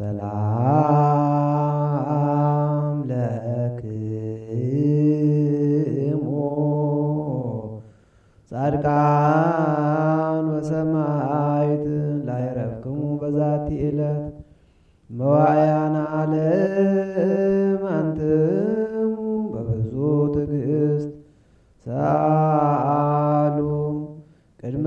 ሰላም ለክሙ ጻድቃን ወሰማይት ላይረብክሙ በዛቲ ዕለት መዋያን ዓለም አንትሙ በብዙ ትዕግስት ሰአሉ ቅድመ